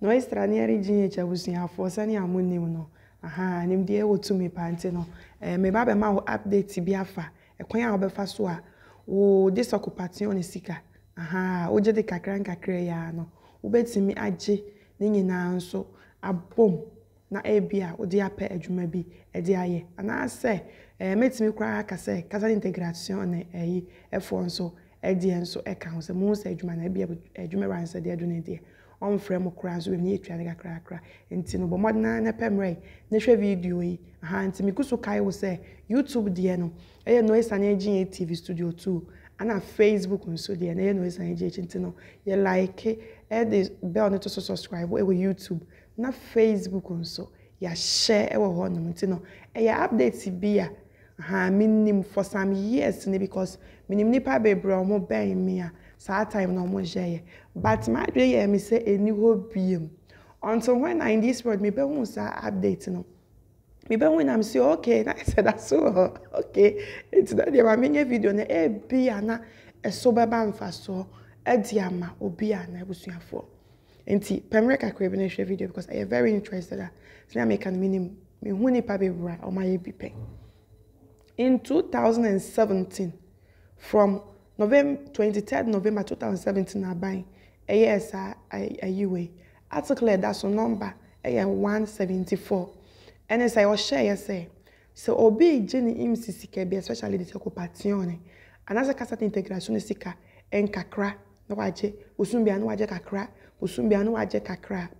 na Nós tranieri dinhe chabusi ha forsa ni amuni uno. Aha, nim ndị ewe me pante no. Eh me ba be ma update bi afa. Ekwan a obefa so a wo disoccupation na sika. Aha, wo je de kakra nkakra ya no. Wobetimi agye ne nyinaa nso abom na ebi a wode apɛ adwuma bi e de ayɛ anaasɛ ɛɛ eh, mɛtumi koraa aka sɛ kasa ne integration ne ɛyi e ɛfoɔ e nso ɛdeɛ nso ɛka ho sɛ mo sɛ adwuma na ebi adwuma wansi deɛ do ne deɛ. ɔmfrɛ mo koraa nso ɛmne yɛtua trying kakrakra nti no bɔ mmɔden ara ne pɛ mmerɛ ne hwɛ video yi aha nti meku so kae wo sɛ youtube I know it's noisane agyeɛ tv studio too. 2 ana facebook nso deɛ no ɛyɛ noisane agye akyi nti no yɛ like ɛde bell no to subscribe. subscribe ɛwɔ youtube na facebook nso yɛahyɛ ɛwɔ hɔnom nti no ɛyɛ update bi a ha menim for some years ne because menim nipa bebree ɔmo bɛn mi a saa time na ɔmo hyɛ yɛ but madwe yɛ mi sɛ eni hɔ biem until when na in this world mi bɛ hu sa update no mi bɛ hu na mi sɛ okay na ɛsɛ da so wɔ okay nti na deɛ ma mi nye video eh, na ebi ana ɛso bɛba nfa soɔ ɛdi e ama obi ana ebusuafoɔ nti pɛmrɛ kakra bi na ehwɛ video because i am very interested a ah. sinamika no mi nim mi hu nipa bebree a ɔmo ayɛ bi pɛn in 2017 from November 23rd November 2017 a ɛyɛ ɛsa ayiwe article that's so number ɛyɛ 174 And as I was ɛyɛ say so, obi gye ne imsi sika bi especially de sɛ kopatione anaasɛ kasa te integration ne sika ɛnkakra na wagye osum bia na wagye kakra osum bia na wagye kakra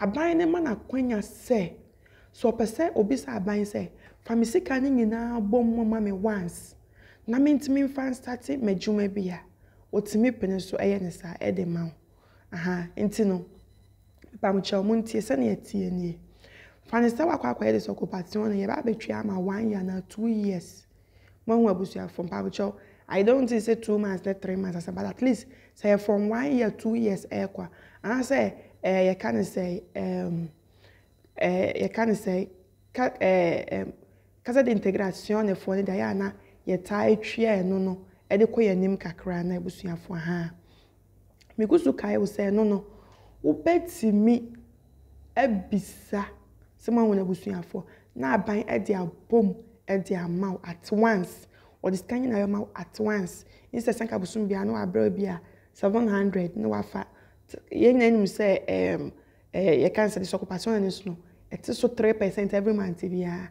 aban ne ma n'akwanya sɛ sɛ ɔpɛ sɛ obi sɛ aban say fa me sika ne nyinaa bɔ mu ma me once na mentumi mfa nstate m'adwuma bi a ɔtumi pene so ɛyɛ ne saa ɛde ma wo aha nti no pamkyɛw mu ntie sɛnea ɛtie nie fa ne sɛ wakɔ akɔyɛ de sɛ ɔkɔpate hɔ no yɛbɛ abɛtwa ama one year na two years mahu abusuafo mpamkyɛw I don't think say two months, not three months, but at least say from one year, two years, eh, kwa. And I say, eh, you can say, um, eh, you can say, ka, eh, um, kasa de integration foɔ no deɛ ayɛ ana yɛtaa atwia ɛno no ɛde kɔ yɛn anim kakra na abusuafoɔ ha megu so kae wo sɛ ɛno no wobɛtumi abisa sɛm awo no abusuafoɔ na aban ɛde abom ɛde ama wo at once wɔde sika nyinaa yɛ ma wo at once nsɛ sanka bosom bia na wabrɛ bi 700, seven hundred na wafa yɛn nyinaa nim sɛ ɛɛm eh, ɛɛ yɛka nsɛ de sɔkopasɔn na ne so no ɛte e so three percent every month biara.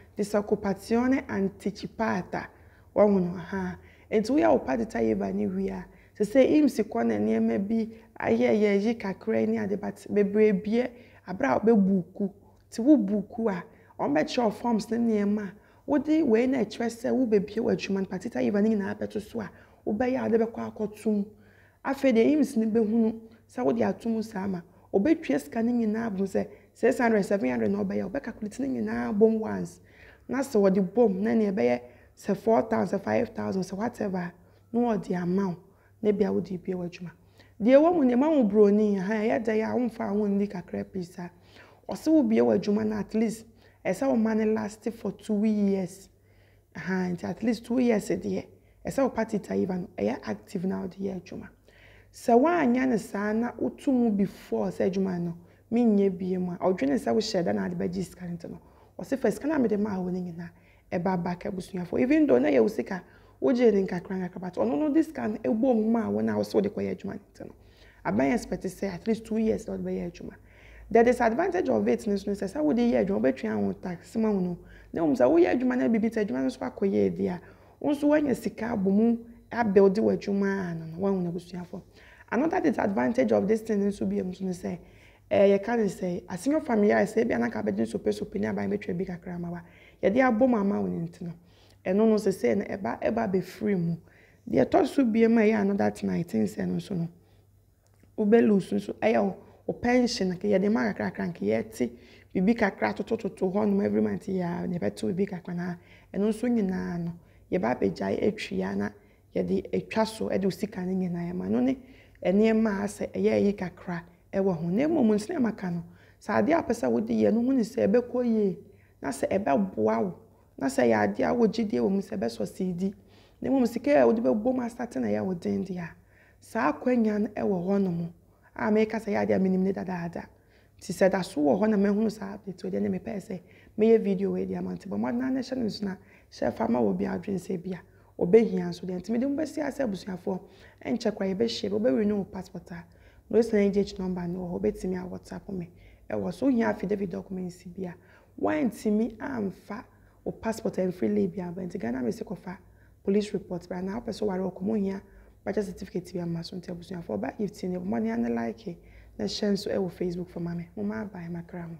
disoccupazione anticipata wɔnwono ha nti woyɛ wo padeta yɛba ne wie a sɛ sɛ ims kɔ na nneɛma bi ayɛ yɛyi kakra ne ade but bebree bie abra a wobɛbuuku nti wobuuku a ɔmbɛkyerɛ forms ne nneɛma a wode wei na ɛkyerɛ sɛ wobɛbie w'adwuma no pateta yɛba ne nyinaa bɛto so a wobɛyɛ a wode bɛkɔ akɔtom afei deɛ ims no bɛhunu sɛ wode atom saa ma ɔbɛtwa sika no nyinaa bom sɛ 600 700 na ɔbɛyɛ wobɛkakulate no nyinaa bom once na sɛ wɔde bom na nea ɛbɛyɛ sɛ four thousand five thousand sɛ whatever na wɔde ama wo na bia wode bia w'adwuma deɛ ɛwɔ mu nneɛma mu buroni ha ɛyɛ dɛ yɛ a a kakra pii saa ɔsɛ wo bia no at least ɛsɛ wo ma no last for two years ha nti at least two years deɛ ɛsɛ wo party no ɛyɛ na yɛ adwuma sɛ no saa na mu na ade bɛgye ɔsi fɛ sika na mi de ma awo ne nyinaa ɛba ba ka ebusuafo even though ne yɛ osika wogye ne nkakra nkakra but ɔno no this sika no ebu omu ma awo na ɔsi ɔde kɔ yɛ adwuma ne ti no aban expect sɛ at least two years ɔde bɛ yɛ adwuma the disadvantage of it ne so ne sɛ sɛ wode yɛ adwuma wobɛtwe aho tax ma wo no na wɔn sɛ woyɛ adwuma na bibi ta adwuma no nso akɔ yɛ edi a nso wanya sika abɔ mu abɛw de wɔ adwuma ano no wɔn ahosuafo another disadvantage of this thing nso bi mu nso ne sɛ. Eh, yɛka ne sɛ asenior family a sɛ bi anaka abɛgye sopesope ne aban bɛtwa bi kakra ama wa yɛde abɔ mu ama wɔn nti no ɛno no sɛ sɛ no ɛba ɛba bɛfiri mu deɛ ɛtɔ so bie mu a ɛyɛ another nineteen sɛ no nso no wobɛ lose nso ɛyɛ o o pension nke yɛde ma kakrakra nke yɛte bibi kakra totototo hɔnom every month yɛ a na yɛbɛto bibi kakra na ɛno nso nyinaa no yɛba abɛgya atwia na yɛde atwa so ɛde osika ne nyinaa ɛma no ne nneɛma a sɛ ɛyɛ ɛwɔ ho na mmom nsene maka no sɛ adeɛ apɛ sɛ wode yɛ no ho ne sɛ ɛbɛkɔ yie na sɛ ɛbɛboa wo na sɛ yɛ adeɛ a wɔgyedie wɔ mu sɛ ɛbɛsɔ sii di na mmom sika a wode bɛbɔ mu asate na ɛyɛ wo den deɛ a saa akwanya no ɛwɔ hɔnom a meka sɛ yɛ adeɛ a menim ne dadaada nti sɛ da so wɔ hɔ na mahunu saa update deɛ ne mepɛɛ sɛ mɛyɛ video wei deɛ ama nti bɔ mmɔdena no hyɛ no nso na hyɛ fa ma wɔ bi adwene sɛ bi a ɔbɛhia nso deɛ nti mede mobɛsi a sɛ abusuafoɔ ɛnkyɛ kora yɛbɛhyia bi wobɛwiri ne wo passport a rose na agh number no wɔ hɔ wobɛtumi a whatsapp me ɛwɔ so wohia affidavit documents bi a woantumi fa o passport amfiri la bi aba nti ghana me sɛ fa police report bi anaa wopɛ sɛ ware ɔkɔmɔ hia bagya certificate bi ama so nti abusuafoɔ ɔba gifti ne bɔmmɔden a ne like na hyɛ nso ɛwɔ facebook for mame moma abae makra mo